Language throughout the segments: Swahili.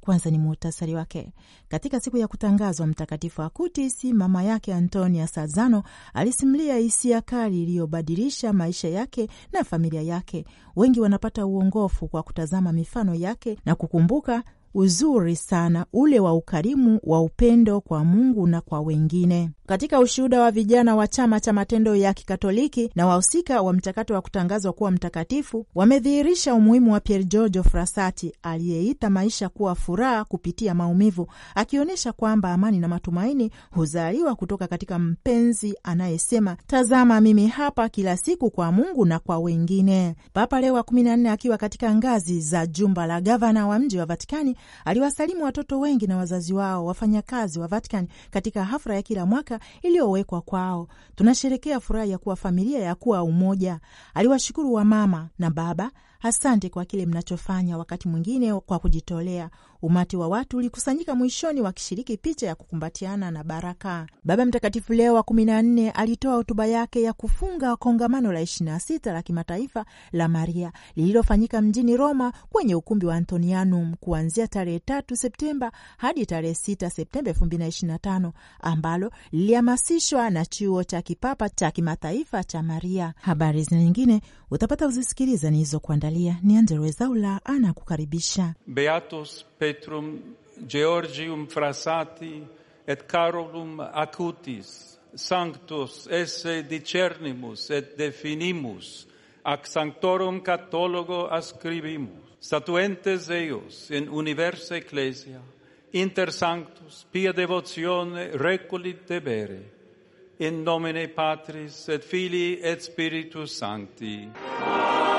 kwanza ni muhtasari wake. Katika siku ya kutangazwa mtakatifu akutisi mama yake Antonia Sazano alisimulia hisia kali iliyobadilisha maisha yake na familia yake. Wengi wanapata uongofu kwa kutazama mifano yake na kukumbuka uzuri sana ule wa ukarimu wa upendo kwa Mungu na kwa wengine. Katika ushuhuda wa vijana wa Chama cha Matendo ya Kikatoliki na wahusika wa mchakato wa kutangazwa kuwa mtakatifu wamedhihirisha umuhimu wa Pier Giorgio Frassati aliyeita maisha kuwa furaha kupitia maumivu, akionyesha kwamba amani na matumaini huzaliwa kutoka katika mpenzi anayesema tazama, mimi hapa kila siku kwa Mungu na kwa wengine. Papa Leo wa kumi akiwa katika ngazi za jumba la gavana wa mji wa Vatikani aliwasalimu watoto wengi na wazazi wao, wafanyakazi wa Vatican katika hafla ya kila mwaka iliyowekwa kwao. Tunasherekea furaha ya kuwa familia ya kuwa umoja. Aliwashukuru wamama na baba Asante kwa kile mnachofanya. Wakati mwingine kwa kujitolea, umati wa watu ulikusanyika mwishoni wakishiriki picha ya kukumbatiana na baraka. Baba Mtakatifu Leo wa kumi na nne alitoa hotuba yake ya kufunga kongamano la ishirini na sita la kimataifa la Maria lililofanyika mjini Roma kwenye ukumbi wa Antonianum kuanzia tarehe tatu Septemba hadi tarehe sita Septemba elfu mbili na ishirini na tano ambalo lilihamasishwa na chuo cha kipapa cha kimataifa cha Maria. Habari zina nyingine utapata kuzisikiliza nilizokuandalia Italia. Neandre Zaula anakukaribisha. Beatus Petrum Georgium Frassati et Carolum Acutis, Sanctus esse discernimus et definimus, ac Sanctorum Catologo ascribimus, statuentes eius in universa ecclesia, inter sanctus pia devotione reculit debere in nomine Patris et Filii et Spiritus Sancti. Amen.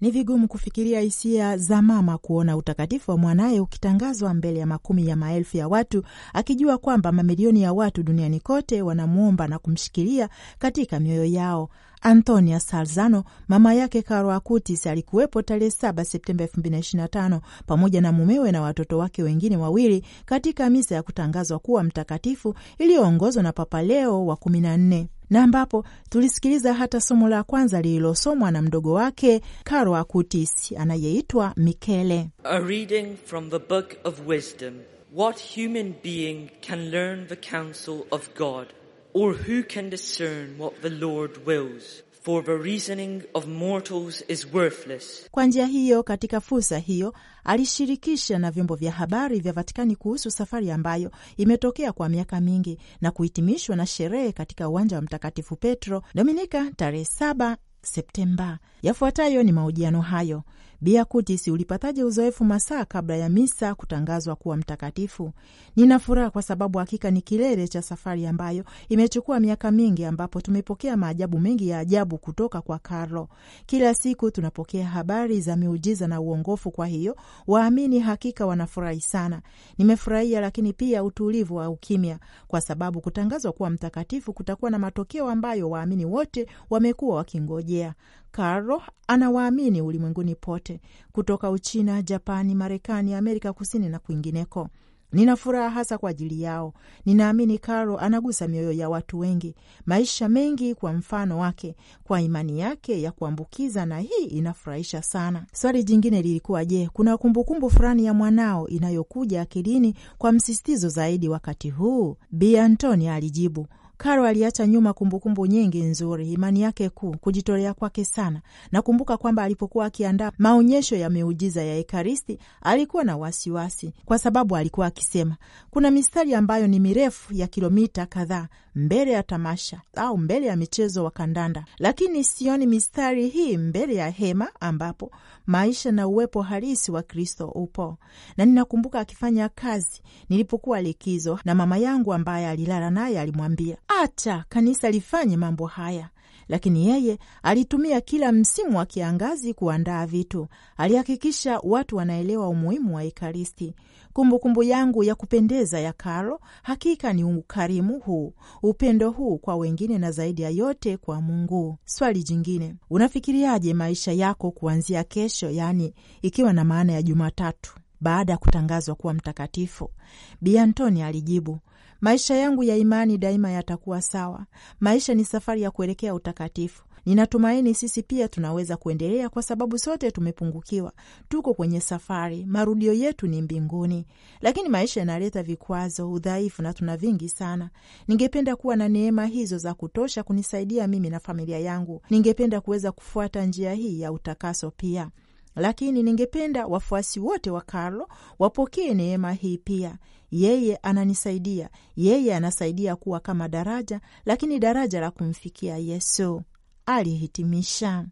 Ni vigumu kufikiria hisia za mama kuona utakatifu wa mwanaye ukitangazwa mbele ya makumi ya maelfu ya watu, akijua kwamba mamilioni ya watu duniani kote wanamwomba na kumshikilia katika mioyo yao. Antonia Salzano, mama yake Carlo Acutis, alikuwepo tarehe 7 Septemba 2025 pamoja na mumewe na watoto wake wengine wawili katika misa ya kutangazwa kuwa mtakatifu iliyoongozwa na Papa Leo wa 14 na ambapo tulisikiliza hata somo la kwanza lililosomwa na mdogo wake karo Acutis anayeitwa Mikele. A reading from the book of wisdom. What human being can learn the counsel of God or who can discern what the Lord wills For the reasoning of mortals is worthless. Kwa njia hiyo, katika fursa hiyo alishirikisha na vyombo vya habari vya Vatikani kuhusu safari ambayo imetokea kwa miaka mingi na kuhitimishwa na sherehe katika uwanja wa Mtakatifu Petro Dominika tarehe 7 Septemba. Yafuatayo ni mahojiano hayo. Bia Kutisi, ulipataje uzoefu masaa kabla ya misa kutangazwa kuwa mtakatifu? Nina furaha kwa sababu hakika ni kilele cha safari ambayo imechukua miaka mingi, ambapo tumepokea maajabu mengi ya ajabu kutoka kwa Carlo. Kila siku tunapokea habari za miujiza na uongofu. Kwa hiyo waamini hakika wanafurahi sana. Nimefurahia lakini pia utulivu wa ukimya, kwa sababu kutangazwa kuwa mtakatifu kutakuwa na matokeo ambayo waamini wote wamekuwa wakingojea. Caro anawaamini ulimwenguni pote, kutoka Uchina, Japani, Marekani, Amerika Kusini na kwingineko. Nina furaha hasa kwa ajili yao. Ninaamini carlo anagusa mioyo ya watu wengi, maisha mengi kwa mfano wake, kwa imani yake ya kuambukiza, na hii inafurahisha sana. Swali jingine lilikuwa je, kuna kumbukumbu fulani ya mwanao inayokuja akilini kwa msisitizo zaidi wakati huu? Bi Antoni alijibu, karo aliacha nyuma kumbukumbu nyingi nzuri, imani yake kuu, kujitolea kwake sana. Nakumbuka kwamba alipokuwa akiandaa maonyesho ya miujiza ya Ekaristi alikuwa na wasiwasi, kwa sababu alikuwa akisema kuna mistari ambayo ni mirefu ya kilomita kadhaa mbele ya tamasha au mbele ya michezo wa kandanda, lakini sioni mistari hii mbele ya hema ambapo maisha na uwepo halisi wa Kristo upo. Na ninakumbuka akifanya kazi nilipokuwa likizo, na mama yangu ambaye alilala naye alimwambia, acha kanisa lifanye mambo haya lakini yeye alitumia kila msimu wa kiangazi kuandaa vitu. Alihakikisha watu wanaelewa umuhimu wa Ekaristi. Kumbukumbu kumbu yangu ya kupendeza ya Karlo hakika ni ukarimu huu, upendo huu kwa wengine, na zaidi ya yote kwa Mungu. Swali jingine, unafikiriaje maisha yako kuanzia kesho, yaani ikiwa na maana ya Jumatatu baada ya kutangazwa kuwa mtakatifu? Bi Antoni alijibu, maisha yangu ya imani daima yatakuwa sawa. Maisha ni safari ya kuelekea utakatifu. Ninatumaini sisi pia tunaweza kuendelea, kwa sababu sote tumepungukiwa, tuko kwenye safari. Marudio yetu ni mbinguni, lakini maisha yanaleta vikwazo, udhaifu na tuna vingi sana. Ningependa kuwa na neema hizo za kutosha kunisaidia mimi na familia yangu. Ningependa kuweza kufuata njia hii ya utakaso pia lakini ningependa wafuasi wote wa Karlo wapokee neema hii pia. Yeye ananisaidia, yeye anasaidia kuwa kama daraja, lakini daraja la kumfikia Yesu alihitimisha.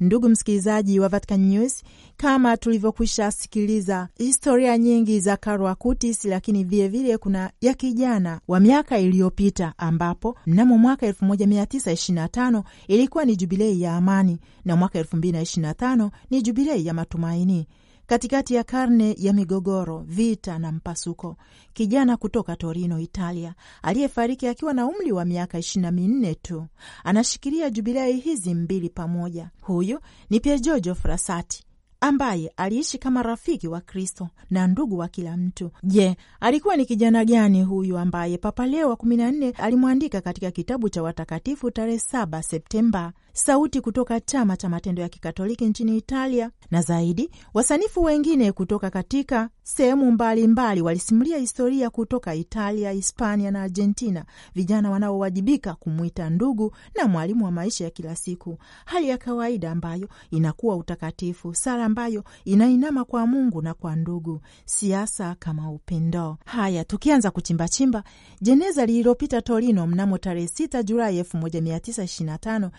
Ndugu msikilizaji wa Vatican News, kama tulivyokwisha sikiliza historia nyingi za Karlo Acutis, lakini vilevile kuna ya kijana wa miaka iliyopita, ambapo mnamo mwaka 1925 ilikuwa ni jubilei ya amani na mwaka 2025 ni jubilei ya matumaini. Katikati ya karne ya migogoro, vita na mpasuko, kijana kutoka Torino, Italia, aliyefariki akiwa na umri wa miaka ishirini na minne tu anashikilia jubilei hizi mbili pamoja. Huyu ni Pier Giorgio Frassati ambaye aliishi kama rafiki wa Kristo na ndugu wa kila mtu. Je, alikuwa ni kijana gani huyu ambaye Papa Leo wa kumi na nne alimwandika katika kitabu cha Watakatifu tarehe 7 Septemba sauti kutoka chama cha matendo ya Kikatoliki nchini Italia, na zaidi wasanifu wengine kutoka katika sehemu mbalimbali walisimulia historia kutoka Italia, Hispania na Argentina, vijana wanaowajibika kumwita ndugu na mwalimu wa maisha ya kila siku, hali ya kawaida ambayo inakuwa utakatifu, sala ambayo inainama kwa Mungu na kwa ndugu, siasa kama upendo. Haya, tukianza kuchimbachimba jeneza lililopita Torino mnamo tarehe 6 Julai 1925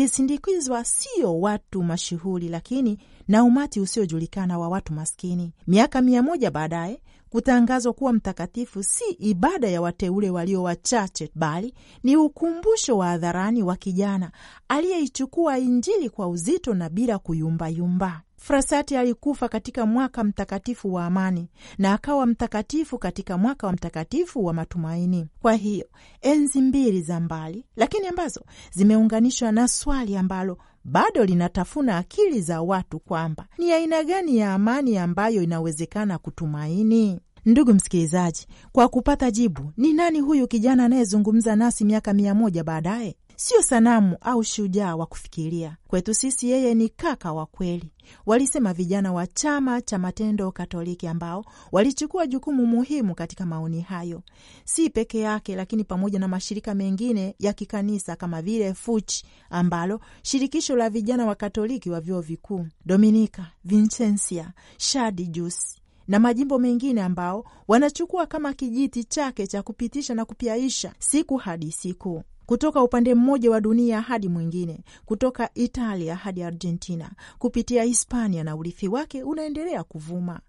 ilisindikizwa sio watu mashuhuri, lakini na umati usiojulikana wa watu maskini. Miaka mia moja baadaye kutangazwa kuwa mtakatifu si ibada ya wateule walio wachache, bali ni ukumbusho wa hadharani wa kijana aliyeichukua Injili kwa uzito na bila kuyumbayumba. Frasati alikufa katika mwaka mtakatifu wa amani na akawa mtakatifu katika mwaka wa mtakatifu wa matumaini. Kwa hiyo enzi mbili za mbali, lakini ambazo zimeunganishwa na swali ambalo bado linatafuna akili za watu kwamba ni aina gani ya amani ambayo inawezekana kutumaini. Ndugu msikilizaji, kwa kupata jibu, ni nani huyu kijana anayezungumza nasi miaka mia moja baadaye? sio sanamu au shujaa wa kufikiria. Kwetu sisi yeye ni kaka wa kweli, walisema vijana wa Chama cha Matendo Katoliki ambao walichukua jukumu muhimu katika maoni hayo, si peke yake, lakini pamoja na mashirika mengine ya kikanisa kama vile FUCHI ambalo shirikisho la vijana wa Katoliki wa vyuo vikuu, Dominika, Vincentia, Shadi Jus na majimbo mengine ambao wanachukua kama kijiti chake cha kupitisha na kupyaisha siku hadi siku kutoka upande mmoja wa dunia hadi mwingine, kutoka Italia hadi Argentina, kupitia Hispania, na urithi wake unaendelea kuvuma.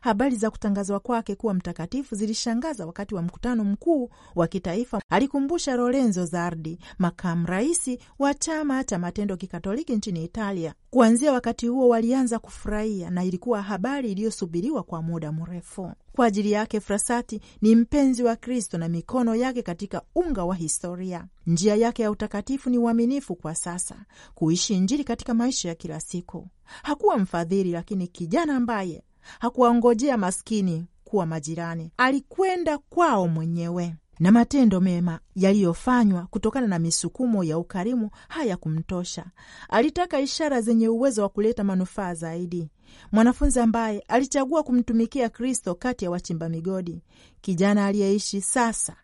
Habari za kutangazwa kwake kuwa mtakatifu zilishangaza. Wakati wa mkutano mkuu wa kitaifa, alikumbusha Lorenzo Zardi, makamu rais wa chama cha matendo kikatoliki nchini Italia. Kuanzia wakati huo walianza kufurahia, na ilikuwa habari iliyosubiriwa kwa muda mrefu. Kwa ajili yake Frasati ni mpenzi wa Kristo na mikono yake katika unga wa historia. Njia yake ya utakatifu ni uaminifu kwa sasa, kuishi Injili katika maisha ya kila siku. Hakuwa mfadhili, lakini kijana ambaye hakuwaongojea maskini kuwa majirani, alikwenda kwao mwenyewe na matendo mema yaliyofanywa kutokana na misukumo ya ukarimu hayakumtosha. Alitaka ishara zenye uwezo wa kuleta manufaa zaidi. Mwanafunzi ambaye alichagua kumtumikia Kristo kati ya wachimba migodi, kijana aliyeishi sasa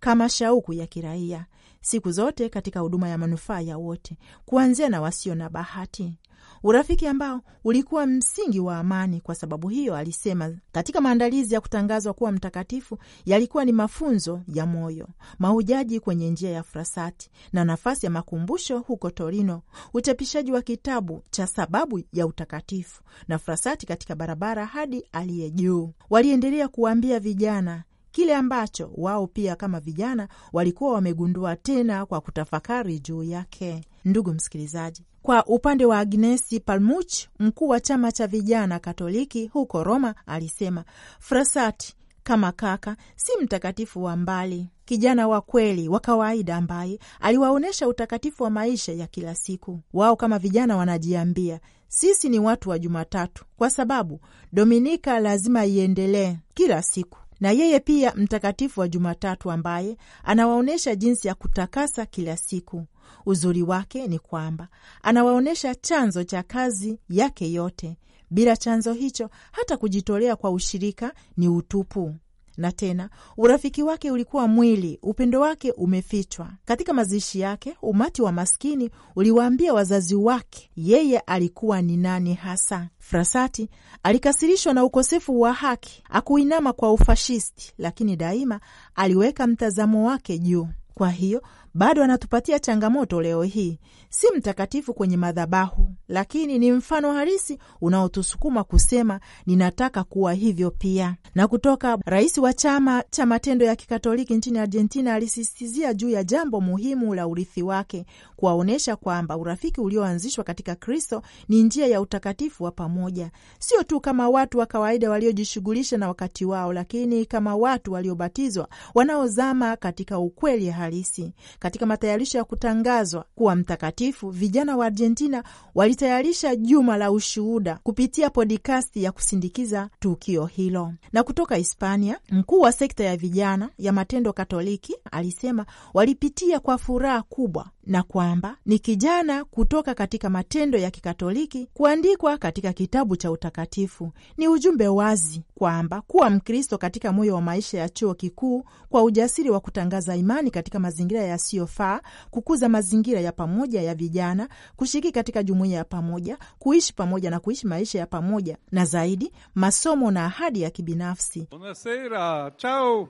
kama shauku ya kiraia siku zote katika huduma ya manufaa ya wote, kuanzia na wasio na bahati urafiki ambao ulikuwa msingi wa amani. Kwa sababu hiyo, alisema katika maandalizi ya kutangazwa kuwa mtakatifu yalikuwa ni mafunzo ya moyo, mahujaji kwenye njia ya Frasati na nafasi ya makumbusho huko Torino, uchapishaji wa kitabu cha sababu ya utakatifu na Frasati katika barabara hadi aliye juu. Waliendelea kuwaambia vijana kile ambacho wao pia kama vijana walikuwa wamegundua tena kwa kutafakari juu yake. Ndugu msikilizaji, kwa upande wa Agnesi palmuch mkuu wa chama cha vijana Katoliki huko Roma, alisema frasati kama kaka, si mtakatifu wa mbali, kijana wa kweli wa kawaida ambaye aliwaonyesha utakatifu wa maisha ya kila siku. Wao kama vijana wanajiambia sisi ni watu wa Jumatatu kwa sababu Dominika lazima iendelee kila siku, na yeye pia mtakatifu wa Jumatatu ambaye anawaonyesha jinsi ya kutakasa kila siku. Uzuri wake ni kwamba anawaonyesha chanzo cha kazi yake yote. Bila chanzo hicho, hata kujitolea kwa ushirika ni utupu. Na tena urafiki wake ulikuwa mwili, upendo wake umefichwa katika mazishi yake. Umati wa maskini uliwaambia wazazi wake yeye alikuwa ni nani hasa. Frasati alikasirishwa na ukosefu wa haki, akuinama kwa ufashisti, lakini daima aliweka mtazamo wake juu. Kwa hiyo bado anatupatia changamoto leo hii. Si mtakatifu kwenye madhabahu, lakini ni mfano halisi unaotusukuma kusema ninataka kuwa hivyo pia. Na kutoka rais wa chama cha matendo ya kikatoliki nchini Argentina alisisitizia juu ya jambo muhimu la urithi wake, kuwaonyesha kwamba urafiki ulioanzishwa katika Kristo ni njia ya utakatifu wa pamoja, sio tu kama watu wa kawaida waliojishughulisha na wakati wao, lakini kama watu waliobatizwa wanaozama katika ukweli halisi katika matayarisho ya kutangazwa kuwa mtakatifu, vijana wa Argentina walitayarisha juma la ushuhuda kupitia podikasti ya kusindikiza tukio hilo. Na kutoka Hispania, mkuu wa sekta ya vijana ya Matendo Katoliki alisema walipitia kwa furaha kubwa na kwamba ni kijana kutoka katika matendo ya kikatoliki kuandikwa katika kitabu cha utakatifu. Ni ujumbe wazi kwamba kuwa Mkristo katika moyo wa maisha ya chuo kikuu, kwa ujasiri wa kutangaza imani katika mazingira yasiyo isiyofaa, kukuza mazingira ya pamoja ya vijana, kushiriki katika jumuiya ya pamoja, kuishi pamoja na kuishi maisha ya pamoja, na zaidi masomo na ahadi ya kibinafsi. Buonasera, ciao.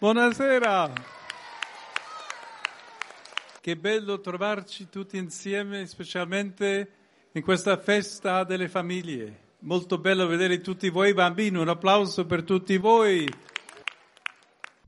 Buonasera. Che bello trovarci tutti insieme, specialmente in questa festa delle famiglie. Molto bello vedere tutti voi bambini, un applauso per tutti voi.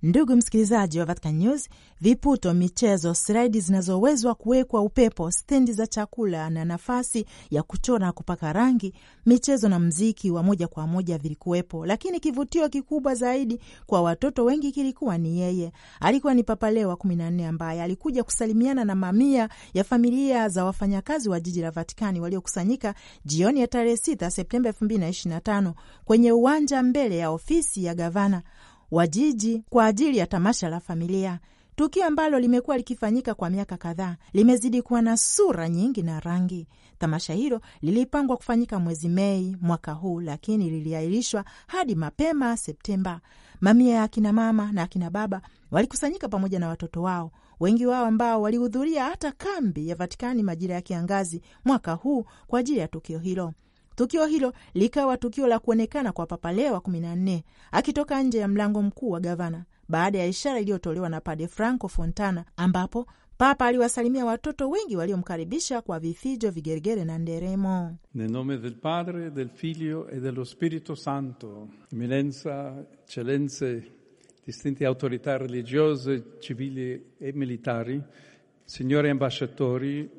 Ndugu msikilizaji wa Vatican News, viputo, michezo, slaidi zinazowezwa kuwekwa upepo, stendi za chakula na nafasi ya kuchora na kupaka rangi, michezo na mziki wa moja kwa moja vilikuwepo, lakini kivutio kikubwa zaidi kwa watoto wengi kilikuwa ni yeye. Alikuwa ni Papa Leo wa kumi na nne ambaye alikuja kusalimiana na mamia ya familia za wafanyakazi wa jiji la Vatikani waliokusanyika jioni ya tarehe 6 Septemba 2025 kwenye uwanja mbele ya ofisi ya gavana wa jiji kwa ajili ya tamasha la familia, tukio ambalo limekuwa likifanyika kwa miaka kadhaa. Limezidi kuwa na sura nyingi na rangi. Tamasha hilo lilipangwa kufanyika mwezi Mei mwaka huu, lakini liliahirishwa hadi mapema Septemba. Mamia ya akina mama na akina baba walikusanyika pamoja na watoto wao, wengi wao ambao walihudhuria hata kambi ya Vatikani majira ya kiangazi mwaka huu kwa ajili ya tukio hilo. Tukio hilo likawa tukio la kuonekana kwa Papa Leo wa kumi na akitoka nje ya mlango mkuu wa gavana baada ya ishara iliyotolewa na Pade Franco Fontana ambapo Papa aliwasalimia watoto wengi waliomkaribisha kwa vifijo, vigeregere na nderemo. Nel nome del Padre, del Figlio e dello Spirito Santo, Eminenza, Eccellenze, distinte autorità religiose, civili e militari, signori ambasciatori,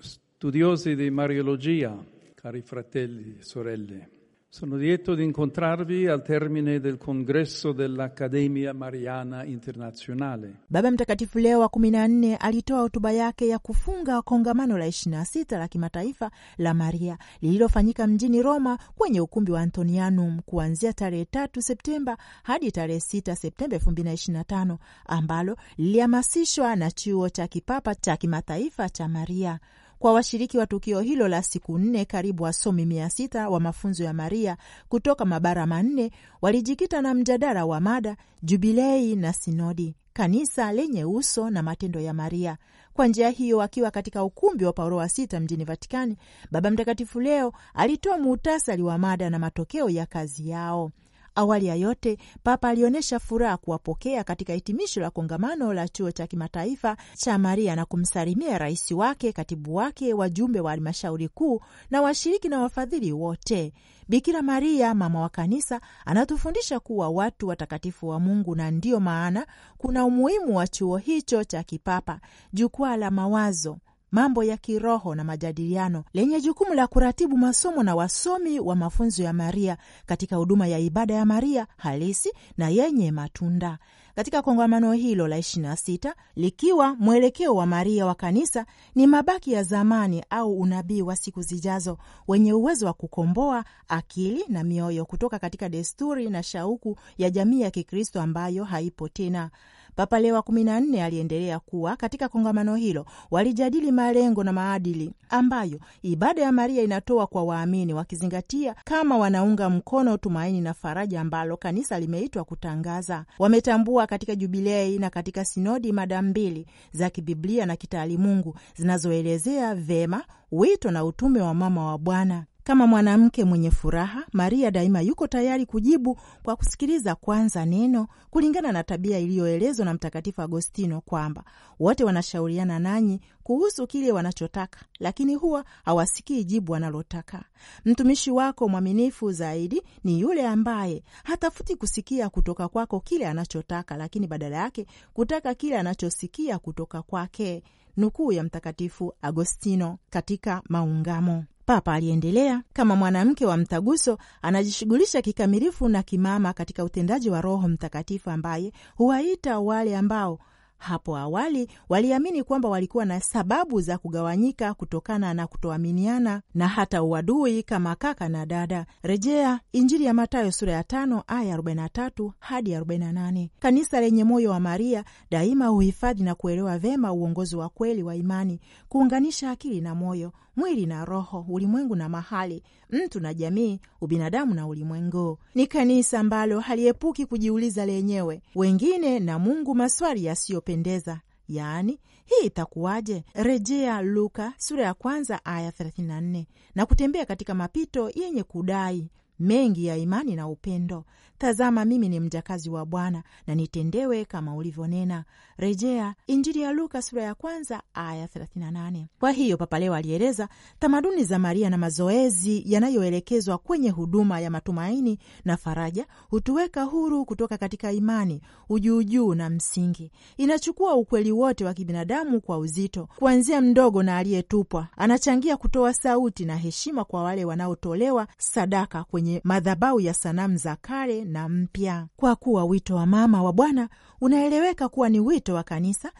studiosi di Mariologia, cari fratelli e sorelle, sono lieto di incontrarvi al termine del congresso dell'Accademia Mariana Internazionale. Baba Mtakatifu Leo wa 14 alitoa hotuba yake ya kufunga kongamano la 26 la kimataifa la Maria lililofanyika mjini Roma kwenye ukumbi wa Antonianum kuanzia tarehe 3 Septemba hadi tarehe 6 Septemba 2025 ambalo lilihamasishwa na chuo cha kipapa cha kimataifa cha Maria kwa washiriki wa tukio hilo la siku nne, karibu wasomi mia sita wa mafunzo ya Maria kutoka mabara manne walijikita na mjadala wa mada Jubilei na Sinodi, kanisa lenye uso na matendo ya Maria. Kwa njia hiyo, akiwa katika ukumbi wa Paulo wa Sita mjini Vatikani, Baba Mtakatifu Leo alitoa muhtasari wa mada na matokeo ya kazi yao. Awali ya yote, Papa alionyesha furaha kuwapokea katika hitimisho la kongamano la chuo cha kimataifa cha Maria na kumsalimia rais wake, katibu wake, wajumbe wa halmashauri kuu na washiriki na wafadhili wote. Bikira Maria mama wa kanisa anatufundisha kuwa watu watakatifu wa Mungu, na ndiyo maana kuna umuhimu wa chuo hicho cha kipapa, jukwaa la mawazo mambo ya kiroho na majadiliano lenye jukumu la kuratibu masomo na wasomi wa mafunzo ya Maria katika huduma ya ibada ya Maria halisi na yenye matunda katika kongamano hilo la 26 likiwa mwelekeo wa Maria wa kanisa ni mabaki ya zamani au unabii wa siku zijazo wenye uwezo wa kukomboa akili na mioyo kutoka katika desturi na shauku ya jamii ya Kikristo ambayo haipo tena. Papa Leo wa kumi na nne aliendelea kuwa katika kongamano hilo walijadili malengo na maadili ambayo ibada ya Maria inatoa kwa waamini, wakizingatia kama wanaunga mkono tumaini na faraja ambalo kanisa limeitwa kutangaza. Wametambua katika Jubilei na katika sinodi mada mbili za kibiblia na kitaalimungu zinazoelezea vema wito na utume wa mama wa Bwana. Kama mwanamke mwenye furaha, Maria daima yuko tayari kujibu kwa kusikiliza kwanza neno, kulingana na tabia iliyoelezwa na Mtakatifu Agostino kwamba wote wanashauriana nanyi kuhusu kile wanachotaka, lakini huwa hawasikii jibu wanalotaka. Mtumishi wako mwaminifu zaidi ni yule ambaye hatafuti kusikia kutoka kwako kile anachotaka, lakini badala yake kutaka kile anachosikia kutoka kwake. Nukuu ya Mtakatifu Agostino katika Maungamo. Papa aliendelea, kama mwanamke wa mtaguso anajishughulisha kikamilifu na kimama katika utendaji wa Roho Mtakatifu ambaye huwaita wale ambao hapo awali waliamini kwamba walikuwa na sababu za kugawanyika kutokana na kutoaminiana na hata uadui kama kaka na dada. Rejea Injili ya Mathayo sura ya tano aya 43 hadi 48. Kanisa lenye moyo wa Maria daima huhifadhi na kuelewa vema uongozi wa kweli wa imani, kuunganisha akili na moyo, mwili na roho, ulimwengu na mahali, mtu na jamii, ubinadamu na ulimwengu. Ni kanisa ambalo haliepuki kujiuliza lenyewe, wengine na Mungu maswali yasiyopendeza Yaani, hii itakuwaje? Rejea Luka sura ya kwanza aya 34, na kutembea katika mapito yenye kudai mengi ya imani na upendo. Tazama, mimi ni mjakazi wa Bwana, na nitendewe kama ulivyonena. Rejea Injili ya Luka sura ya kwanza aya 38. Kwa hiyo Papa Leo alieleza tamaduni za Maria na mazoezi yanayoelekezwa kwenye huduma ya matumaini na faraja hutuweka huru kutoka katika imani ujuujuu na msingi. Inachukua ukweli wote wa kibinadamu kwa uzito, kuanzia mdogo na aliyetupwa. Anachangia kutoa sauti na heshima kwa wale wanaotolewa sadaka kwenye madhabahu ya sanamu za kale na mpya, kwa kuwa wito wa mama wa Bwana unaeleweka kuwa ni wito wa kanisa.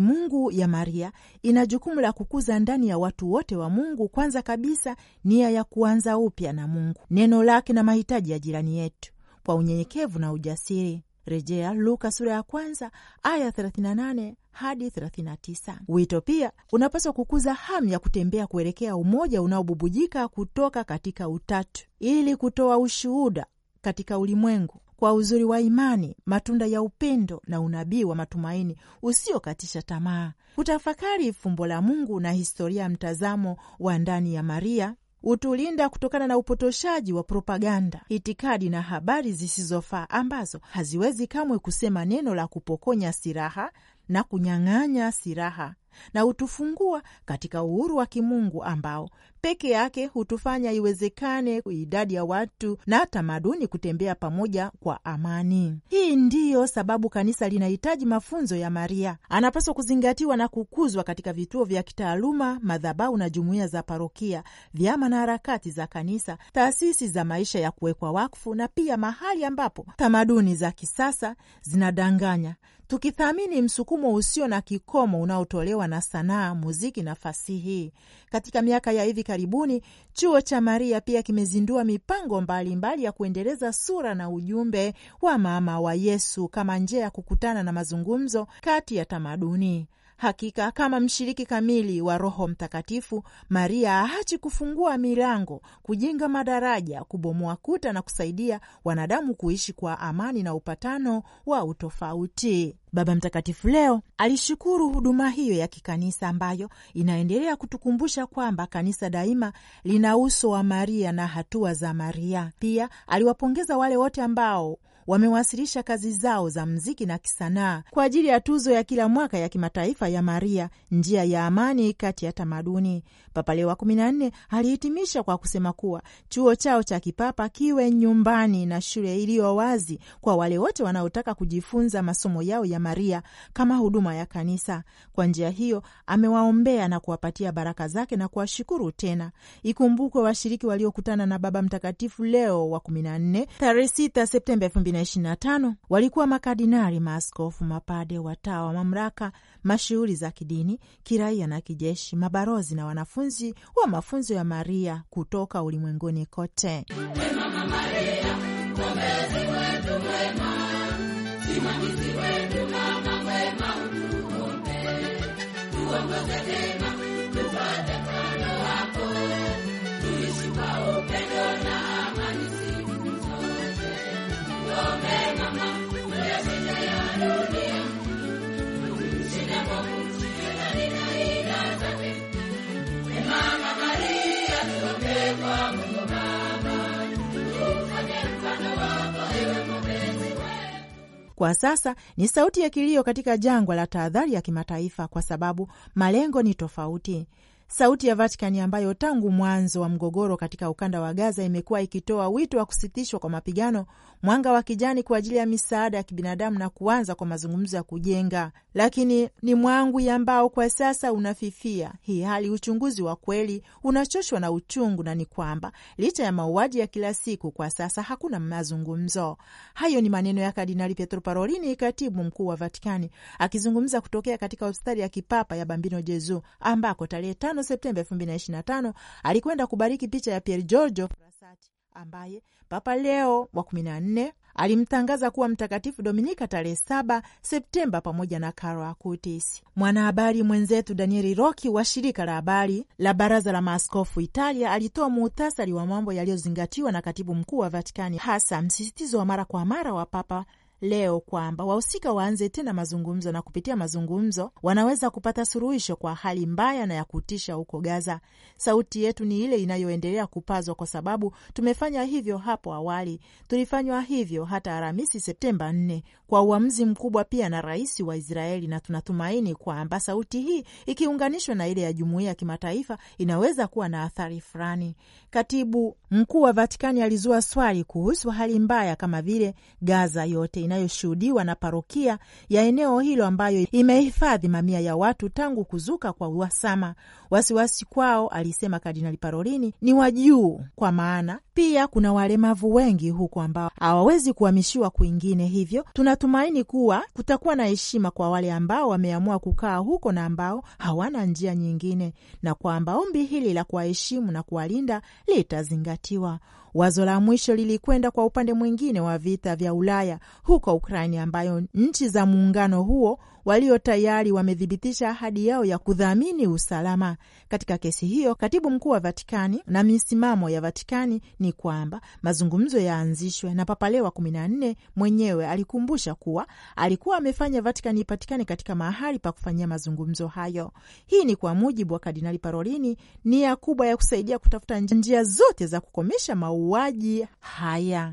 mungu ya Maria ina jukumu la kukuza ndani ya watu wote wa Mungu, kwanza kabisa nia ya kuanza upya na Mungu, neno lake na mahitaji ya jirani yetu kwa unyenyekevu na ujasiri. Rejea Luka sura ya kwanza aya 38 hadi 39. Wito pia unapaswa kukuza hamu ya kutembea kuelekea umoja unaobubujika kutoka katika utatu ili kutoa ushuhuda katika ulimwengu kwa uzuri wa imani, matunda ya upendo na unabii wa matumaini usiokatisha tamaa, kutafakari fumbo la Mungu na historia ya mtazamo wa ndani ya Maria hutulinda kutokana na upotoshaji wa propaganda, itikadi na habari zisizofaa ambazo haziwezi kamwe kusema neno la kupokonya silaha na kunyang'anya silaha na hutufungua katika uhuru wa kimungu ambao peke yake hutufanya iwezekane idadi ya watu na tamaduni kutembea pamoja kwa amani. Hii ndiyo sababu kanisa linahitaji mafunzo ya Maria, anapaswa kuzingatiwa na kukuzwa katika vituo vya kitaaluma, madhabahu na jumuiya za parokia, vyama na harakati za kanisa, taasisi za maisha ya kuwekwa wakfu, na pia mahali ambapo tamaduni za kisasa zinadanganya tukithamini msukumo usio na kikomo unaotolewa na sanaa, muziki na fasihi. Katika miaka ya hivi karibuni, chuo cha Maria pia kimezindua mipango mbalimbali mbali ya kuendeleza sura na ujumbe wa mama wa Yesu kama njia ya kukutana na mazungumzo kati ya tamaduni. Hakika kama mshiriki kamili wa Roho Mtakatifu, Maria haachi kufungua milango, kujenga madaraja, kubomoa kuta na kusaidia wanadamu kuishi kwa amani na upatano wa utofauti. Baba Mtakatifu leo alishukuru huduma hiyo ya kikanisa ambayo inaendelea kutukumbusha kwamba kanisa daima lina uso wa Maria na hatua za Maria. Pia aliwapongeza wale wote ambao wamewasilisha kazi zao za mziki na kisanaa kwa ajili ya tuzo ya kila mwaka ya kimataifa ya Maria, njia ya amani kati ya tamaduni. Papa Leo wa kumi na nne alihitimisha kwa kusema kuwa chuo chao cha kipapa kiwe nyumbani na shule iliyo wazi kwa wale wote wanaotaka kujifunza masomo yao ya Maria kama huduma ya kanisa. Kwa njia hiyo amewaombea na kuwapatia baraka zake na kuwashukuru tena. Ikumbukwe washiriki waliokutana na Baba Mtakatifu Leo wa kumi na nne tarehe sita Septemba elfu mbili na ishirini na tano walikuwa makardinali, maaskofu, mapade, watawa, mamlaka, mashughuli za kidini, kiraia na kijeshi, mabarozi na wanafunzi wanafunzi wa mafunzo ya Maria kutoka ulimwenguni kote. Kwa sasa ni sauti ya kilio katika jangwa la tahadhari ya kimataifa, kwa sababu malengo ni tofauti. Sauti ya Vatikani ambayo tangu mwanzo wa mgogoro katika ukanda wa Gaza imekuwa ikitoa wito wa kusitishwa kwa mapigano, mwanga wa kijani kwa ajili ya misaada ya kibinadamu na kuanza kwa mazungumzo ya kujenga, lakini ni mwangwi ambao kwa sasa unafifia. Hii hali uchunguzi wa kweli unachoshwa na uchungu, na ni kwamba licha ya mauaji ya kila siku, kwa sasa hakuna mazungumzo. Hayo ni maneno ya Kardinali Pietro Parolini, katibu mkuu wa Vatikani, akizungumza kutokea katika hospitali ya kipapa ya Bambino Jezu ambako tarehe tano 15 Septemba 2025 alikwenda kubariki picha ya Pier Giorgio Frassati ambaye Papa Leo wa 14 alimtangaza kuwa mtakatifu Dominika tarehe saba Septemba pamoja na Carlo Acutis. Mwanahabari mwenzetu Danieli Rocchi wa shirika la habari la Baraza la Maaskofu Italia alitoa muhtasari wa mambo yaliyozingatiwa na katibu mkuu wa Vatikani, hasa msisitizo wa mara kwa mara wa Papa leo kwamba wahusika waanze tena mazungumzo na kupitia mazungumzo wanaweza kupata suluhisho kwa hali mbaya na ya kutisha huko Gaza. Sauti yetu ni ile inayoendelea kupazwa, kwa sababu tumefanya hivyo hapo awali. Tulifanywa hivyo hata Alhamisi Septemba 4 kwa uamuzi mkubwa pia na rais wa Israeli, na tunatumaini kwamba sauti hii ikiunganishwa na ile ya jumuiya ya kimataifa inaweza kuwa na athari fulani. Katibu mkuu wa Vatikani alizua swali kuhusu hali mbaya kama vile Gaza yote inayoshuhudiwa na parokia ya eneo hilo ambayo imehifadhi mamia ya watu tangu kuzuka kwa uhasama. Wasiwasi kwao, alisema Kardinali Parolini, ni wa juu, kwa maana pia kuna walemavu wengi huko ambao hawawezi kuhamishiwa kwingine. Hivyo tunatumaini kuwa kutakuwa na heshima kwa wale ambao wameamua kukaa huko na ambao hawana njia nyingine, na kwamba ombi hili la kuwaheshimu na kuwalinda litazingatiwa. Wazo la mwisho lilikwenda kwa upande mwingine wa vita vya Ulaya huko Ukraini, ambayo nchi za muungano huo walio tayari wamethibitisha ahadi yao ya kudhamini usalama. Katika kesi hiyo, katibu mkuu wa Vatikani na misimamo ya Vatikani ni kwamba mazungumzo yaanzishwe, na Papa Leo wa kumi na nne mwenyewe alikumbusha kuwa alikuwa amefanya Vatikani ipatikane katika mahali pa kufanyia mazungumzo hayo. Hii ni kwa mujibu wa Kardinali Parolini, nia kubwa ya kusaidia kutafuta njia zote za kukomesha mau mauaji haya.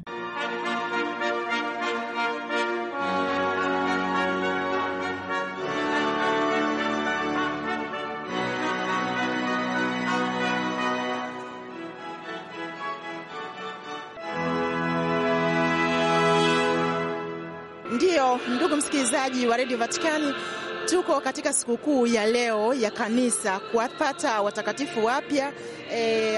ndiyo ndugu msikilizaji wa redio Vatikani, Tuko katika sikukuu ya leo ya kanisa kuwapata watakatifu wapya e,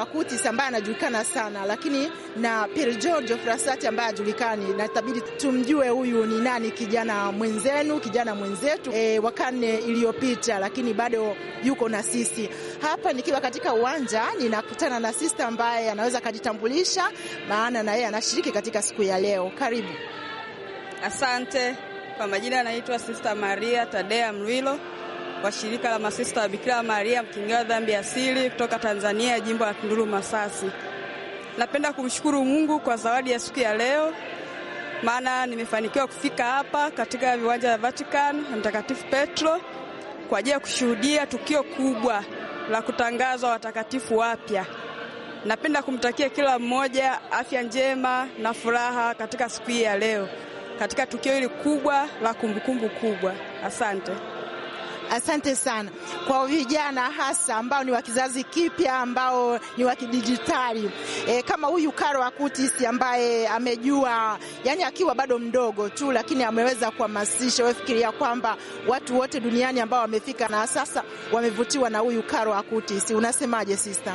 akutis ambaye anajulikana sana, lakini na Pier Giorgio Frassati ambaye ajulikani na itabidi tumjue huyu ni nani, kijana mwenzenu, kijana mwenzetu e, wa karne iliyopita, lakini bado yuko na sisi hapa. Nikiwa katika uwanja ninakutana na sista ambaye anaweza akajitambulisha, maana na yeye anashiriki katika siku ya leo. Karibu. Asante. Kwa majina anaitwa Sista Maria Tadea Mlwilo wa shirika la masista wa Bikira Maria mkingewa dhambi asili kutoka Tanzania, jimbo la Tunduru Masasi. Napenda kumshukuru Mungu kwa zawadi ya siku ya leo, maana nimefanikiwa kufika hapa katika viwanja vya Vatican na Mtakatifu Petro kwa ajili ya kushuhudia tukio kubwa la kutangazwa watakatifu wapya. Napenda kumtakia kila mmoja afya njema na furaha katika siku hii ya leo katika tukio hili kubwa la kumbukumbu kubwa. Asante. Asante sana kwa vijana hasa ambao ni wa kizazi kipya ambao ni wa kidijitali e, kama huyu karo Acutis ambaye amejua, yani akiwa bado mdogo tu, lakini ameweza kuhamasisha. Wefikiria kwamba watu wote duniani ambao wamefika na sasa wamevutiwa na huyu karo akutis Unasemaje sister?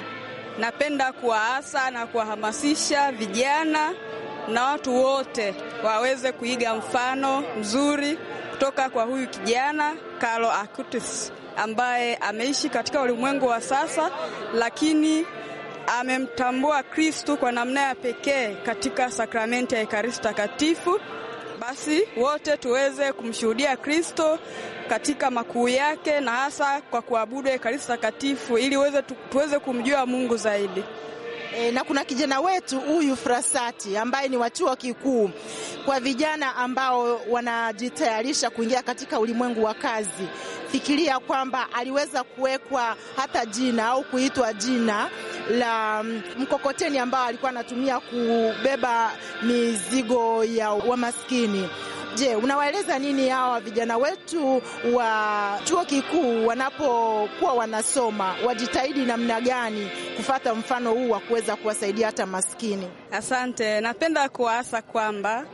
Napenda kuwaasa na kuwahamasisha vijana na watu wote waweze kuiga mfano mzuri kutoka kwa huyu kijana Carlo Acutis ambaye ameishi katika ulimwengu wa sasa, lakini amemtambua Kristu kwa namna ya pekee katika sakramenti ya Ekaristi Takatifu. Basi wote tuweze kumshuhudia Kristo katika makuu yake na hasa kwa kuabudu Ekaristi Takatifu ili tuweze kumjua Mungu zaidi e, na kuna kijana wetu huyu Frasati ambaye ni wa chuo kikuu, kwa vijana ambao wanajitayarisha kuingia katika ulimwengu wa kazi. Fikiria kwamba aliweza kuwekwa hata jina au kuitwa jina la mm, mkokoteni ambao alikuwa anatumia kubeba mizigo ya wamaskini. Je, unawaeleza nini hawa vijana wetu wa chuo kikuu wanapokuwa wanasoma, wajitahidi namna gani kufata mfano huu wa kuweza kuwasaidia hata maskini? Asante, napenda kuwaasa kwamba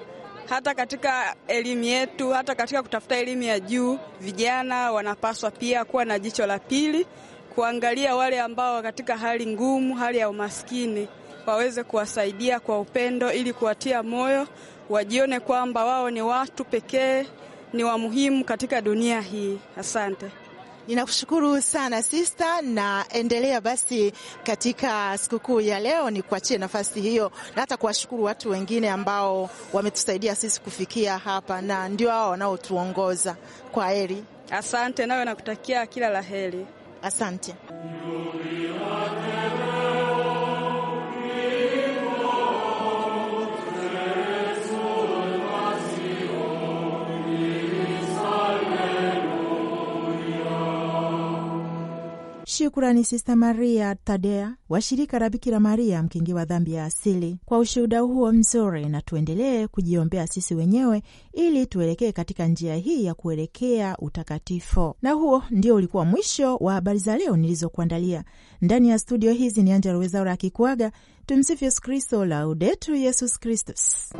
hata katika elimu yetu, hata katika kutafuta elimu ya juu, vijana wanapaswa pia kuwa na jicho la pili, kuangalia wale ambao katika hali ngumu, hali ya umaskini, waweze kuwasaidia kwa upendo ili kuwatia moyo wajione kwamba wao ni watu pekee, ni wa muhimu katika dunia hii. Asante. Ninakushukuru sana sista, na endelea basi katika sikukuu ya leo. Ni kuachie nafasi hiyo na hata kuwashukuru watu wengine ambao wametusaidia sisi kufikia hapa, na ndio hao wanaotuongoza. Kwa heri, asante. Nawe nakutakia kila la heri, asante. Shukrani Sista Maria Tadea wa shirika la Bikira Maria mkingi wa dhambi ya asili kwa ushuhuda huo mzuri, na tuendelee kujiombea sisi wenyewe ili tuelekee katika njia hii ya kuelekea utakatifu. Na huo ndio ulikuwa mwisho wa habari za leo nilizokuandalia ndani ya studio hizi. Ni Angella Rwezaura akikuaga. Tumsifu Yesu Kristo, Laudetur Yesus Kristus.